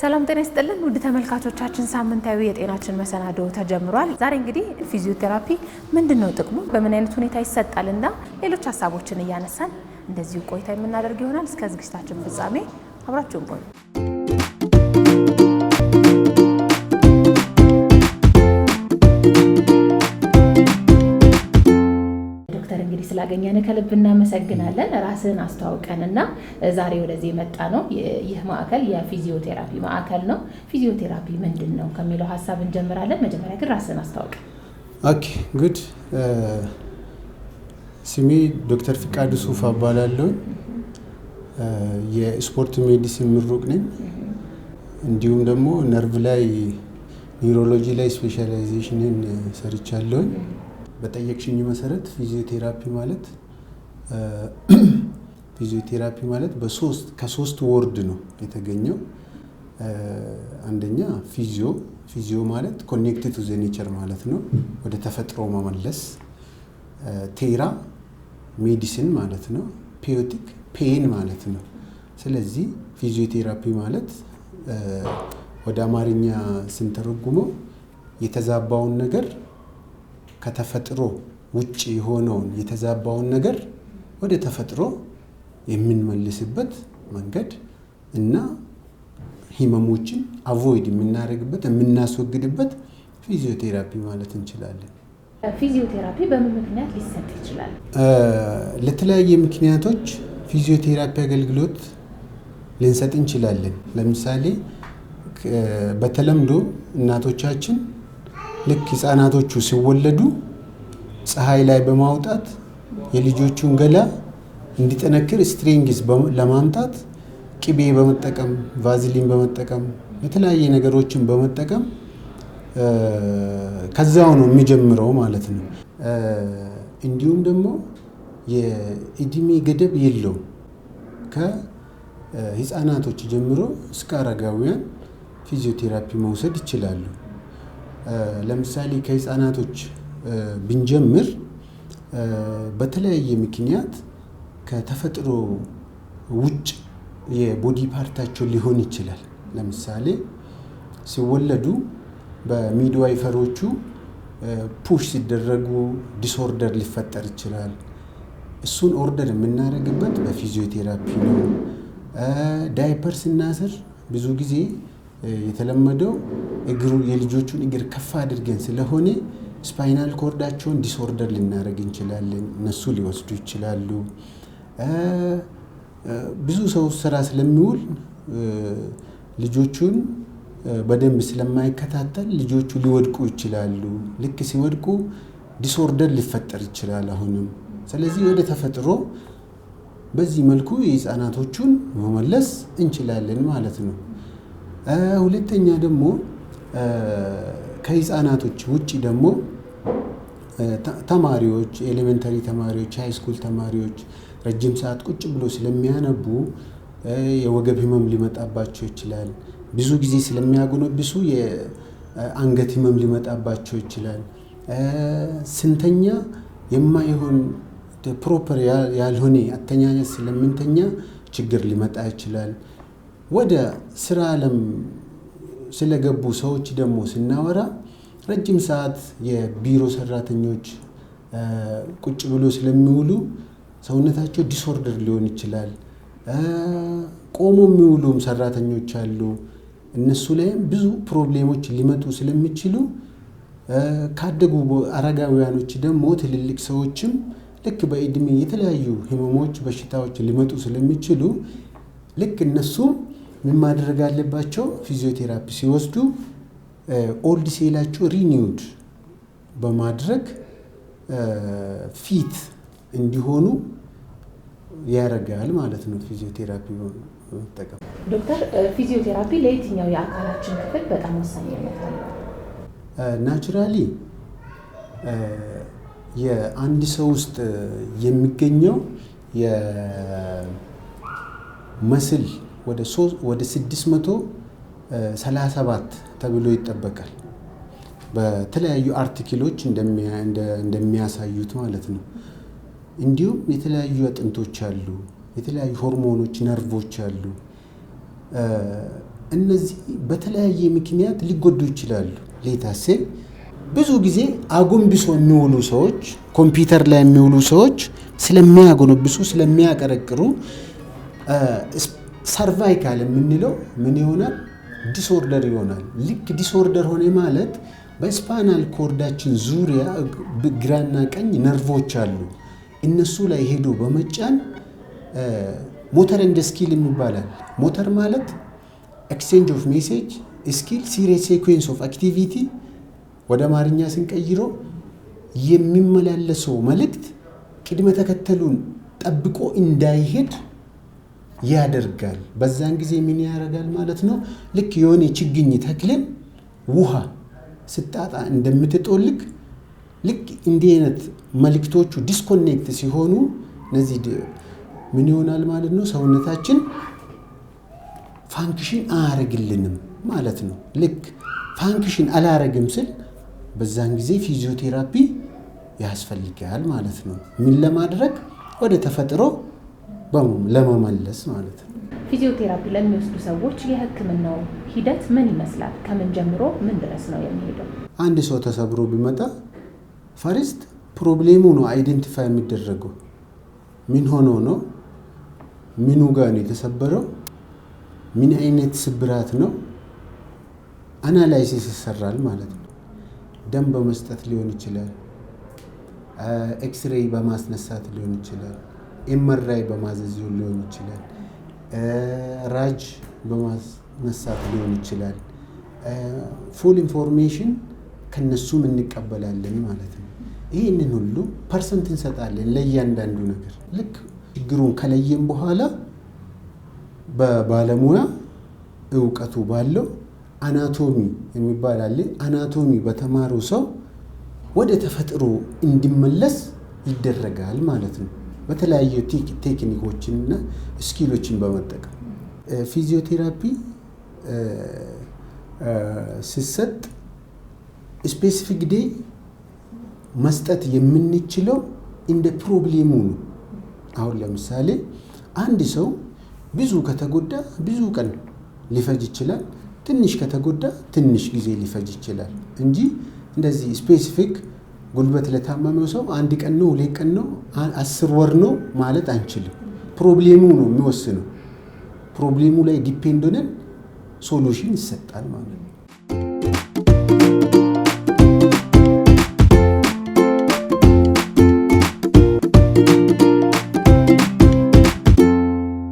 ሰላም ጤና ይስጥልን ውድ ተመልካቾቻችን፣ ሳምንታዊ የጤናችን መሰናዶ ተጀምሯል። ዛሬ እንግዲህ ፊዚዮቴራፒ ምንድን ነው ጥቅሙ፣ በምን አይነት ሁኔታ ይሰጣል እና ሌሎች ሀሳቦችን እያነሳን እንደዚሁ ቆይታ የምናደርግ ይሆናል። እስከ ዝግጅታችን ፍጻሜ አብራችሁን ቆዩ። ስላገኘን ከልብ እናመሰግናለን። ራስህን አስተዋውቀን እና ዛሬ ወደዚህ የመጣ ነው። ይህ ማዕከል የፊዚዮቴራፒ ማዕከል ነው። ፊዚዮቴራፒ ምንድን ነው ከሚለው ሀሳብ እንጀምራለን። መጀመሪያ ግን ራስህን አስተዋውቀን። ኦኬ ጉድ። ስሜ ዶክተር ፍቃዱ ሱፍ እባላለሁ። የስፖርት ሜዲሲን ምሩቅ ነኝ። እንዲሁም ደግሞ ነርቭ ላይ ኒውሮሎጂ ላይ ስፔሻላይዜሽንን ሰርቻለሁኝ። በጠየቅሽኝ መሰረት ፊዚዮቴራፒ ማለት ፊዚዮቴራፒ ማለት በሶስት ከሶስት ወርድ ነው የተገኘው። አንደኛ ፊዚዮ ፊዚዮ ማለት ኮኔክት ቱ ዘኔቸር ማለት ነው፣ ወደ ተፈጥሮ መመለስ። ቴራ ሜዲሲን ማለት ነው፣ ፔዮቲክ ፔን ማለት ነው። ስለዚህ ፊዚዮቴራፒ ማለት ወደ አማርኛ ስንተረጉመው የተዛባውን ነገር ከተፈጥሮ ውጭ የሆነውን የተዛባውን ነገር ወደ ተፈጥሮ የምንመልስበት መንገድ እና ህመሞችን አቮይድ የምናደርግበት የምናስወግድበት ፊዚዮቴራፒ ማለት እንችላለን። ፊዚዮቴራፒ በምን ምክንያት ሊሰጥ ይችላል? ለተለያየ ምክንያቶች ፊዚዮቴራፒ አገልግሎት ልንሰጥ እንችላለን። ለምሳሌ በተለምዶ እናቶቻችን ልክ ህፃናቶቹ ሲወለዱ ፀሐይ ላይ በማውጣት የልጆቹን ገላ እንዲጠነክር ስትሪንግስ ለማምጣት ቅቤ በመጠቀም ቫዝሊን በመጠቀም የተለያየ ነገሮችን በመጠቀም ከዛው ነው የሚጀምረው ማለት ነው። እንዲሁም ደግሞ የእድሜ ገደብ የለው ከህፃናቶች ጀምሮ እስከ አረጋውያን ፊዚዮቴራፒ መውሰድ ይችላሉ። ለምሳሌ ከህፃናቶች ብንጀምር በተለያየ ምክንያት ከተፈጥሮ ውጭ የቦዲ ፓርታቸው ሊሆን ይችላል። ለምሳሌ ሲወለዱ በሚድዋይፈሮቹ ፑሽ ሲደረጉ ዲስኦርደር ሊፈጠር ይችላል። እሱን ኦርደር የምናደርግበት በፊዚዮቴራፒ ነው። ዳይፐር ስናስር ብዙ ጊዜ የተለመደው እግሩ የልጆቹን እግር ከፍ አድርገን ስለሆነ ስፓይናል ኮርዳቸውን ዲስኦርደር ልናደርግ እንችላለን። እነሱ ሊወስዱ ይችላሉ። ብዙ ሰው ስራ ስለሚውል ልጆቹን በደንብ ስለማይከታተል ልጆቹ ሊወድቁ ይችላሉ። ልክ ሲወድቁ ዲስኦርደር ሊፈጠር ይችላል አሁንም። ስለዚህ ወደ ተፈጥሮ በዚህ መልኩ የህፃናቶቹን መመለስ እንችላለን ማለት ነው። ሁለተኛ ደግሞ ከህፃናቶች ውጭ ደግሞ ተማሪዎች ኤሌመንተሪ ተማሪዎች፣ ሃይስኩል ተማሪዎች ረጅም ሰዓት ቁጭ ብሎ ስለሚያነቡ የወገብ ህመም ሊመጣባቸው ይችላል። ብዙ ጊዜ ስለሚያጎነብሱ የአንገት ህመም ሊመጣባቸው ይችላል። ስንተኛ የማይሆን ፕሮፐር ያልሆነ አተኛኘት ስለምንተኛ ችግር ሊመጣ ይችላል። ወደ ስራ ዓለም ስለገቡ ሰዎች ደግሞ ስናወራ ረጅም ሰዓት የቢሮ ሰራተኞች ቁጭ ብሎ ስለሚውሉ ሰውነታቸው ዲስኦርደር ሊሆን ይችላል። ቆሞ የሚውሉም ሰራተኞች አሉ። እነሱ ላይም ብዙ ፕሮብሌሞች ሊመጡ ስለሚችሉ ካደጉ አረጋውያኖች ደግሞ ትልልቅ ሰዎችም ልክ በእድሜ የተለያዩ ህመሞች፣ በሽታዎች ሊመጡ ስለሚችሉ ልክ እነሱም ምን ማድረግ አለባቸው? ፊዚዮቴራፒ ሲወስዱ ኦልድ ሴላቸው ሪኒውድ በማድረግ ፊት እንዲሆኑ ያደርጋል ማለት ነው። ፊዚዮቴራፒ ጠቀም ዶክተር፣ ፊዚዮቴራፒ ለየትኛው የአካላችን ክፍል በጣም ወሳኝ ነው? ናቹራሊ የአንድ ሰው ውስጥ የሚገኘው የመስል ወደ 637 ተብሎ ይጠበቃል። በተለያዩ አርቲክሎች እንደሚያሳዩት ማለት ነው። እንዲሁም የተለያዩ አጥንቶች አሉ፣ የተለያዩ ሆርሞኖች፣ ነርቮች አሉ። እነዚህ በተለያየ ምክንያት ሊጎዱ ይችላሉ። ሌታሴ ብዙ ጊዜ አጎንብሶ የሚውሉ ሰዎች፣ ኮምፒውተር ላይ የሚውሉ ሰዎች ስለሚያጎነብሱ ስለሚያቀረቅሩ ሰርቫይካል የምንለው ምን ይሆናል? ዲስኦርደር ይሆናል። ልክ ዲስኦርደር ሆነ ማለት በስፓናል ኮርዳችን ዙሪያ ግራና ቀኝ ነርቮች አሉ። እነሱ ላይ ሄዶ በመጫን ሞተር እንደ ስኪል የሚባላል። ሞተር ማለት ኤክስቼንጅ ኦፍ ሜሴጅ ስኪል ሲሪየስ ሴኩዌንስ ኦፍ አክቲቪቲ ወደ አማርኛ ስንቀይሮ የሚመላለሰው መልእክት ቅድመ ተከተሉን ጠብቆ እንዳይሄድ ያደርጋል። በዛን ጊዜ ምን ያደርጋል ማለት ነው? ልክ የሆነ ችግኝ ተክልን ውሃ ስጣጣ እንደምትጦልክ ልክ እንዲህ አይነት መልክቶቹ ዲስኮኔክት ሲሆኑ እነዚህ ምን ይሆናል ማለት ነው? ሰውነታችን ፋንክሽን አያረግልንም ማለት ነው። ልክ ፋንክሽን አላረግም ስል በዛን ጊዜ ፊዚዮቴራፒ ያስፈልጋል ማለት ነው። ምን ለማድረግ ወደ ተፈጥሮ ለመመለስ ማለት ነው። ፊዚዮቴራፒ ለሚወስዱ ሰዎች የህክምናው ሂደት ምን ይመስላል? ከምን ጀምሮ ምን ድረስ ነው የሚሄደው? አንድ ሰው ተሰብሮ ቢመጣ ፈሪስት ፕሮብሌሙ ነው አይደንቲፋይ የሚደረገው ምን ሆኖ ነው፣ ምኑ ጋር ነው የተሰበረው፣ ምን አይነት ስብራት ነው፣ አናላይሲስ ይሰራል ማለት ነው። ደም በመስጠት ሊሆን ይችላል፣ ኤክስሬይ በማስነሳት ሊሆን ይችላል ኤምአርአይ በማዘዝ ሊሆን ይችላል፣ ራጅ በማስነሳት ሊሆን ይችላል። ፉል ኢንፎርሜሽን ከነሱም እንቀበላለን ማለት ነው። ይህንን ሁሉ ፐርሰንት እንሰጣለን ለእያንዳንዱ ነገር። ልክ ችግሩን ከለየም በኋላ በባለሙያ እውቀቱ ባለው አናቶሚ የሚባል አለ። አናቶሚ በተማሩ ሰው ወደ ተፈጥሮ እንዲመለስ ይደረጋል ማለት ነው። በተለያዩ ቴክኒኮችንና ስኪሎችን በመጠቀም ፊዚዮቴራፒ ሲሰጥ ስፔሲፊክ ዴ መስጠት የምንችለው እንደ ፕሮብሌሙ ነው። አሁን ለምሳሌ አንድ ሰው ብዙ ከተጎዳ ብዙ ቀን ሊፈጅ ይችላል። ትንሽ ከተጎዳ ትንሽ ጊዜ ሊፈጅ ይችላል እንጂ እንደዚህ ስፔሲፊክ ጉልበት ለታመመው ሰው አንድ ቀን ነው፣ ሁለት ቀን ነው፣ አስር ወር ነው ማለት አንችልም። ፕሮብሌሙ ነው የሚወስነው። ፕሮብሌሙ ላይ ዲፔንድ ሆነን ሶሉሽን ይሰጣል ማለት ነው።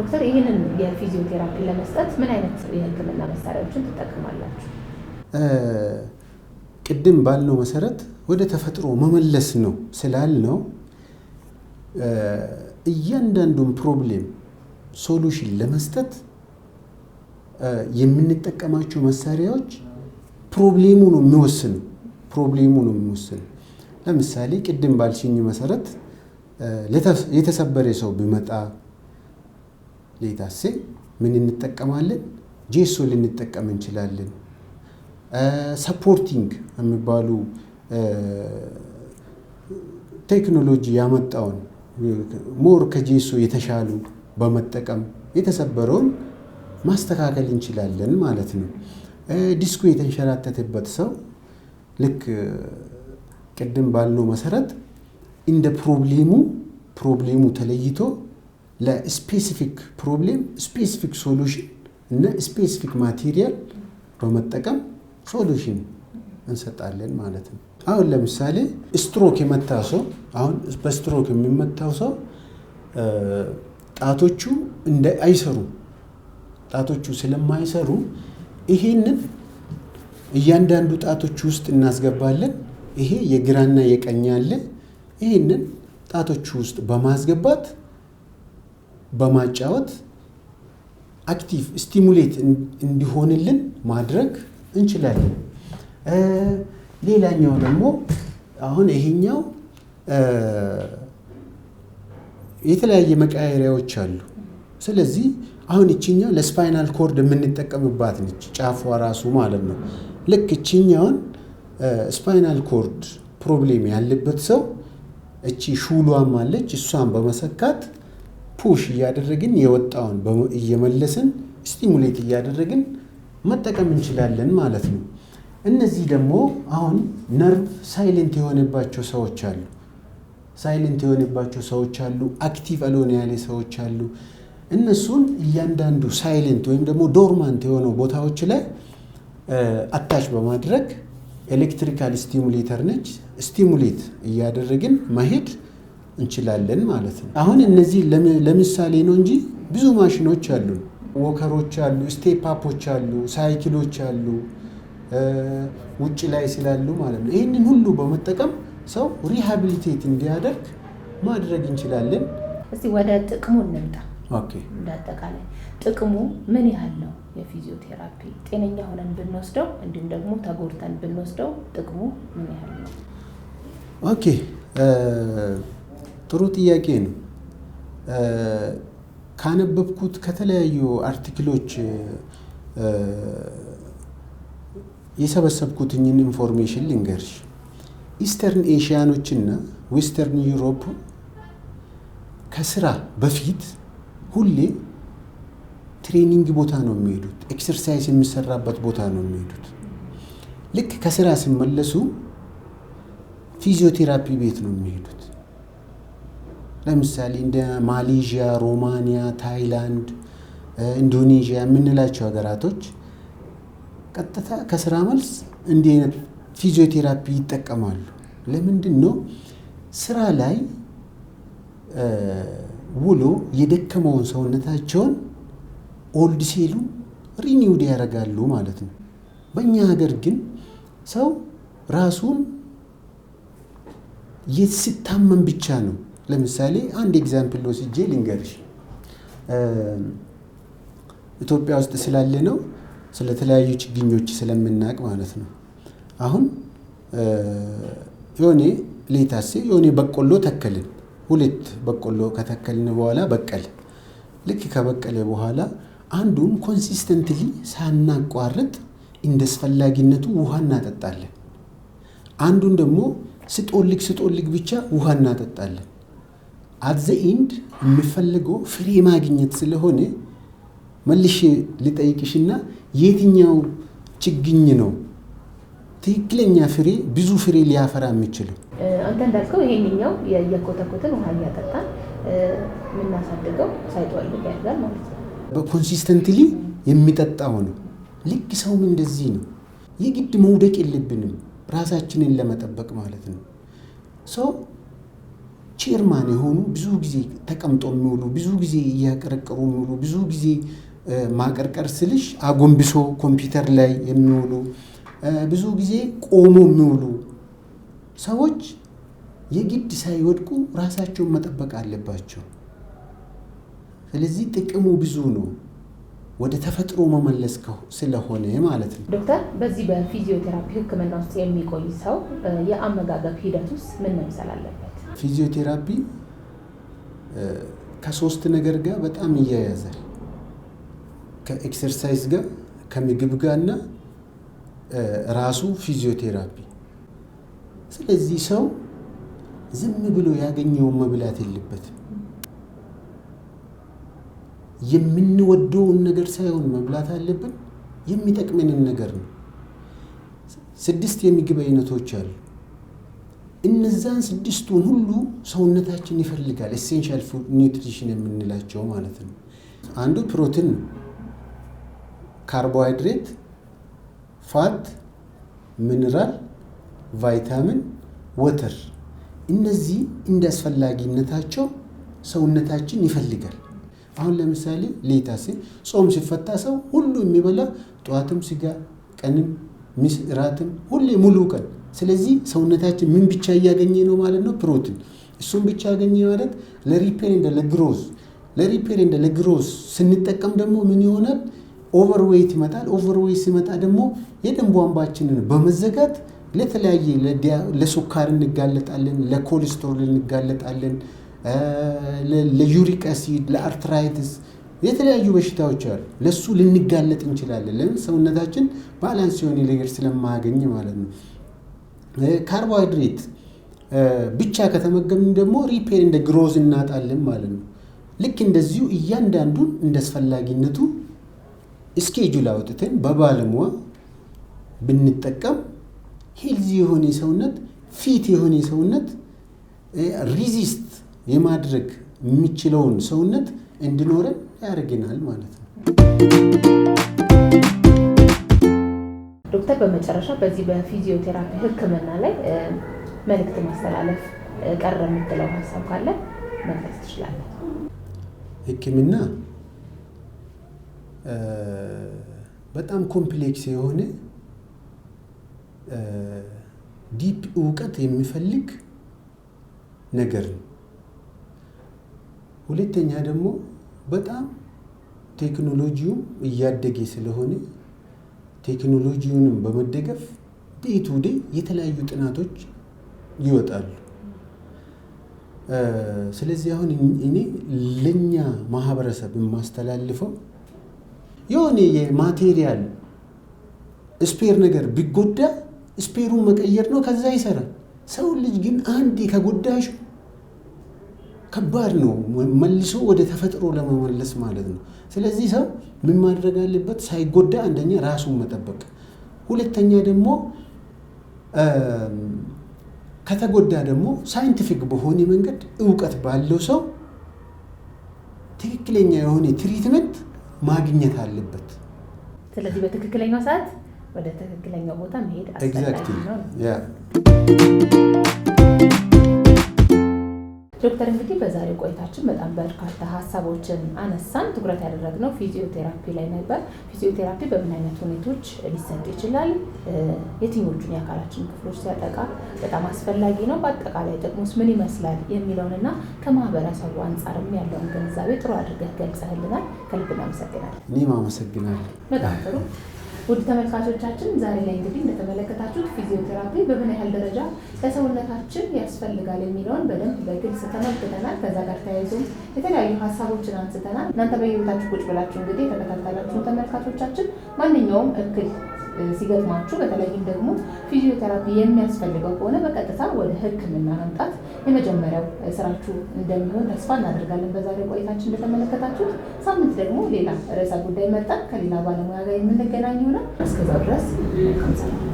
ዶክተር ይህንን የፊዚዮቴራፒ ለመስጠት ምን አይነት የህክምና መሳሪያዎችን ትጠቀማላችሁ? ቅድም ባልነው መሰረት ወደ ተፈጥሮ መመለስ ነው ስላል ነው። እያንዳንዱን ፕሮብሌም ሶሉሽን ለመስጠት የምንጠቀማቸው መሳሪያዎች ፕሮብሌሙ ነው የሚወስን ፕሮብሌሙ ነው የሚወስን ለምሳሌ ቅድም ባልሽኝ መሰረት የተሰበረ ሰው ቢመጣ ሌታሴ ምን እንጠቀማለን? ጄሶ ልንጠቀም እንችላለን። ሰፖርቲንግ የሚባሉ ቴክኖሎጂ ያመጣውን ሞር ከጄሱ የተሻሉ በመጠቀም የተሰበረውን ማስተካከል እንችላለን ማለት ነው። ዲስኩ የተንሸራተተበት ሰው ልክ ቅድም ባልነው መሰረት እንደ ፕሮብሌሙ ፕሮብሌሙ ተለይቶ ለስፔሲፊክ ፕሮብሌም ስፔሲፊክ ሶሉሽን እና ስፔሲፊክ ማቴሪያል በመጠቀም ሶሉሽን እንሰጣለን ማለት ነው። አሁን ለምሳሌ ስትሮክ የመታ ሰው አሁን በስትሮክ የሚመታው ሰው ጣቶቹ እንደ አይሰሩ ጣቶቹ ስለማይሰሩ ይሄንን እያንዳንዱ ጣቶች ውስጥ እናስገባለን። ይሄ የግራና የቀኝ አለ። ይህንን ጣቶቹ ውስጥ በማስገባት በማጫወት አክቲቭ ስቲሙሌት እንዲሆንልን ማድረግ እንችላለን። ሌላኛው ደግሞ አሁን ይሄኛው የተለያየ መቀያየሪያዎች አሉ። ስለዚህ አሁን ይችኛው ለስፓይናል ኮርድ የምንጠቀምባት ነች፣ ጫፏ ራሱ ማለት ነው። ልክ ይችኛውን ስፓይናል ኮርድ ፕሮብሌም ያለበት ሰው እቺ ሹሏም አለች፣ እሷን በመሰካት ፑሽ እያደረግን የወጣውን እየመለስን ስቲሙሌት እያደረግን መጠቀም እንችላለን ማለት ነው። እነዚህ ደግሞ አሁን ነርቭ ሳይለንት የሆነባቸው ሰዎች አሉ። ሳይለንት የሆነባቸው ሰዎች አሉ። አክቲቭ አልሆነ ያለ ሰዎች አሉ። እነሱን እያንዳንዱ ሳይለንት ወይም ደግሞ ዶርማንት የሆነው ቦታዎች ላይ አታች በማድረግ ኤሌክትሪካል ስቲሙሌተር ነች ስቲሙሌት እያደረግን መሄድ እንችላለን ማለት ነው። አሁን እነዚህ ለምሳሌ ነው እንጂ ብዙ ማሽኖች አሉ። ዎከሮች አሉ፣ ስቴፓፖች አሉ፣ ሳይክሎች አሉ። ውጭ ላይ ስላሉ ማለት ነው። ይህንን ሁሉ በመጠቀም ሰው ሪሃቢሊቴት እንዲያደርግ ማድረግ እንችላለን። እስቲ ወደ ጥቅሙ እንምጣ። እንዳጠቃላይ ጥቅሙ ምን ያህል ነው? የፊዚዮቴራፒ ጤነኛ ሆነን ብንወስደው እንዲሁም ደግሞ ተጎድተን ብንወስደው ጥቅሙ ምን ያህል ነው? ኦኬ ጥሩ ጥያቄ ነው። ካነበብኩት ከተለያዩ አርቲክሎች የሰበሰብኩትኝን ኢንፎርሜሽን ልንገርሽ። ኢስተርን ኤሽያኖችና ዌስተርን ዩሮፕ ከስራ በፊት ሁሌ ትሬኒንግ ቦታ ነው የሚሄዱት። ኤክሰርሳይዝ የሚሰራበት ቦታ ነው የሚሄዱት። ልክ ከስራ ሲመለሱ ፊዚዮቴራፒ ቤት ነው የሚሄዱት። ለምሳሌ እንደ ማሌዥያ፣ ሮማንያ፣ ታይላንድ፣ ኢንዶኔዥያ የምንላቸው ሀገራቶች ቀጥታ ከስራ መልስ እንዲህ አይነት ፊዚዮቴራፒ ይጠቀማሉ። ለምንድን ነው ስራ ላይ ውሎ የደከመውን ሰውነታቸውን ኦልድ ሴሉ ሪኒውድ ያደርጋሉ ማለት ነው። በእኛ ሀገር ግን ሰው ራሱን የት ሲታመም ብቻ ነው። ለምሳሌ አንድ ኤግዛምፕል ወስጄ ልንገርሽ ኢትዮጵያ ውስጥ ስላለ ነው ስለተለያዩ ችግኞች ስለምናውቅ ማለት ነው። አሁን የሆኔ ሌታሴ የሆኔ በቆሎ ተከልን። ሁለት በቆሎ ከተከልን በኋላ በቀል ልክ ከበቀለ በኋላ አንዱን ኮንሲስተንትሊ ሳናቋርጥ እንደ አስፈላጊነቱ ውሃ እናጠጣለን። አንዱን ደግሞ ስጦልግ ስጦልግ ብቻ ውሃ እናጠጣለን። አዘ ኢንድ የሚፈልገው ፍሬ ማግኘት ስለሆነ መልሽ ልጠይቅሽና የትኛው ችግኝ ነው ትክክለኛ ፍሬ ብዙ ፍሬ ሊያፈራ የሚችለው? አንተ እንዳልከው ይሄንኛው የኮተኮትን ውሃ እያጠጣ የምናሳድገው ሳይጠዋል ያድጋል ማለት ነው። በኮንሲስተንትሊ የሚጠጣው ነው። ልክ ሰውም እንደዚህ ነው። የግድ መውደቅ የለብንም ራሳችንን ለመጠበቅ ማለት ነው። ሰው ቼርማን የሆኑ ብዙ ጊዜ ተቀምጦ የሚውሉ ብዙ ጊዜ እያቀረቀሩ የሚውሉ ብዙ ጊዜ ማቀርቀር ስልሽ አጎንብሶ ኮምፒውተር ላይ የሚውሉ ብዙ ጊዜ ቆሞ የሚውሉ ሰዎች የግድ ሳይወድቁ ራሳቸውን መጠበቅ አለባቸው። ስለዚህ ጥቅሙ ብዙ ነው። ወደ ተፈጥሮ መመለስ ስለሆነ ማለት ነው። ዶክተር፣ በዚህ በፊዚዮቴራፒ ሕክምና ውስጥ የሚቆይ ሰው የአመጋገብ ሂደት ውስጥ ምን መምሰል አለበት? ፊዚዮቴራፒ ከሶስት ነገር ጋር በጣም ይያያዛል። ከኤክሰርሳይዝ ጋር ከምግብ ጋርና ራሱ ፊዚዮቴራፒ። ስለዚህ ሰው ዝም ብሎ ያገኘውን መብላት የለበትም። የምንወደውን ነገር ሳይሆን መብላት አለብን፣ የሚጠቅመንን ነገር ነው። ስድስት የምግብ አይነቶች አሉ። እነዛን ስድስቱን ሁሉ ሰውነታችን ይፈልጋል። ኤሴንሻል ኒውትሪሽን የምንላቸው ማለት ነው። አንዱ ፕሮቲን ነው። ካርቦሃይድሬት፣ ፋት፣ ሚኒራል፣ ቫይታሚን፣ ወተር እነዚህ እንደ አስፈላጊነታቸው ሰውነታችን ይፈልጋል። አሁን ለምሳሌ ሲ ጾም ሲፈታ ሰው ሁሉ የሚበላ ጠዋትም ስጋ፣ ቀንም ምስ ሁሌ ሙሉ ቀን። ስለዚህ ሰውነታችን ምን ብቻ እያገኘ ነው ማለት ነው? ፕሮቲን። እሱም ብቻ ያገኘ ማለት ለሪፔር እንደ ለግሮዝ ለሪፔር እንደ ለግሮዝ ስንጠቀም ደግሞ ምን ይሆናል? ኦቨርዌይት ይመጣል። ኦቨርዌይት ሲመጣ ደግሞ የደም ቧንቧችንን በመዘጋት ለተለያየ ለሱካር እንጋለጣለን፣ ለኮሌስትሮል እንጋለጣለን፣ ለዩሪክ አሲድ፣ ለአርትራይትስ የተለያዩ በሽታዎች አሉ። ለሱ ልንጋለጥ እንችላለን። ለምን ሰውነታችን ባላንስ የሆነ ነገር ስለማያገኝ ማለት ነው። ካርቦሃይድሬት ብቻ ከተመገብን ደግሞ ሪፔር እንደ ግሮዝ እናጣለን ማለት ነው። ልክ እንደዚሁ እያንዳንዱን እንደ አስፈላጊነቱ እስኬጁል አውጥተን በባለሙያ ብንጠቀም ሄልዚ የሆነ ሰውነት ፊት የሆነ ሰውነት ሪዚስት የማድረግ የሚችለውን ሰውነት እንዲኖረን ያደርገናል ማለት ነው። ዶክተር፣ በመጨረሻ በዚህ በፊዚዮቴራፒ ሕክምና ላይ መልእክት ማስተላለፍ ቀረ የምትለው ሀሳብ ካለ መግለጽ ትችላለ። ሕክምና በጣም ኮምፕሌክስ የሆነ ዲፕ እውቀት የሚፈልግ ነገር ነው። ሁለተኛ ደግሞ በጣም ቴክኖሎጂው እያደገ ስለሆነ ቴክኖሎጂውንም በመደገፍ ዴቱ ዴ የተለያዩ ጥናቶች ይወጣሉ። ስለዚህ አሁን እኔ ለእኛ ማህበረሰብ የማስተላልፈው የሆነ የማቴሪያል ስፔር ነገር ቢጎዳ ስፔሩን መቀየር ነው፣ ከዛ ይሰራል። ሰው ልጅ ግን አንዴ ከጎዳሽ ከባድ ነው መልሶ ወደ ተፈጥሮ ለመመለስ ማለት ነው። ስለዚህ ሰው ምን ማድረግ አለበት? ሳይጎዳ አንደኛ ራሱን መጠበቅ፣ ሁለተኛ ደግሞ ከተጎዳ ደግሞ ሳይንቲፊክ በሆነ መንገድ እውቀት ባለው ሰው ትክክለኛ የሆነ ትሪትመንት ማግኘት አለበት። ስለዚህ በትክክለኛው ሰዓት ወደ ትክክለኛው ቦታ መሄድ አስፈላጊ ነው። ዶክተር እንግዲህ በዛሬው ቆይታችን በጣም በርካታ ሀሳቦችን አነሳን። ትኩረት ያደረግነው ፊዚዮቴራፒ ላይ ነበር። ፊዚዮቴራፒ በምን አይነት ሁኔቶች ሊሰጥ ይችላል? የትኞቹን የአካላችን ክፍሎች ሲያጠቃ በጣም አስፈላጊ ነው? በአጠቃላይ ጥቅሙስ ምን ይመስላል? የሚለውንና ከማህበረሰቡ አንጻርም ያለውን ግንዛቤ ጥሩ አድርገህ ገልጸህልናል። ከልብ እናመሰግናለን። እኔም አመሰግናለሁ። በጣም ጥሩ ውድ ተመልካቾቻችን ዛሬ ላይ እንግዲህ እንደተመለከታችሁት ፊዚዮቴራፒ በምን ያህል ደረጃ ለሰውነታችን ያስፈልጋል የሚለውን በደንብ በግልጽ ተመልክተናል። ከዛ ጋር ተያይዞ የተለያዩ ሀሳቦችን አንስተናል። እናንተ በየቤታችሁ ቁጭ ብላችሁ እንግዲህ የተከታተላችሁ ተመልካቾቻችን ማንኛውም እክል ሲገጥማችሁ በተለይም ደግሞ ፊዚዮቴራፒ የሚያስፈልገው ከሆነ በቀጥታ ወደ ሕክምና መምጣት የመጀመሪያው ስራችሁ እንደሚሆን ተስፋ እናደርጋለን። በዛሬው ቆይታችን እንደተመለከታችሁት፣ ሳምንት ደግሞ ሌላ ርዕሰ ጉዳይ መጣ ከሌላ ባለሙያ ጋር የምንገናኝ ይሆናል። እስከዛው ድረስ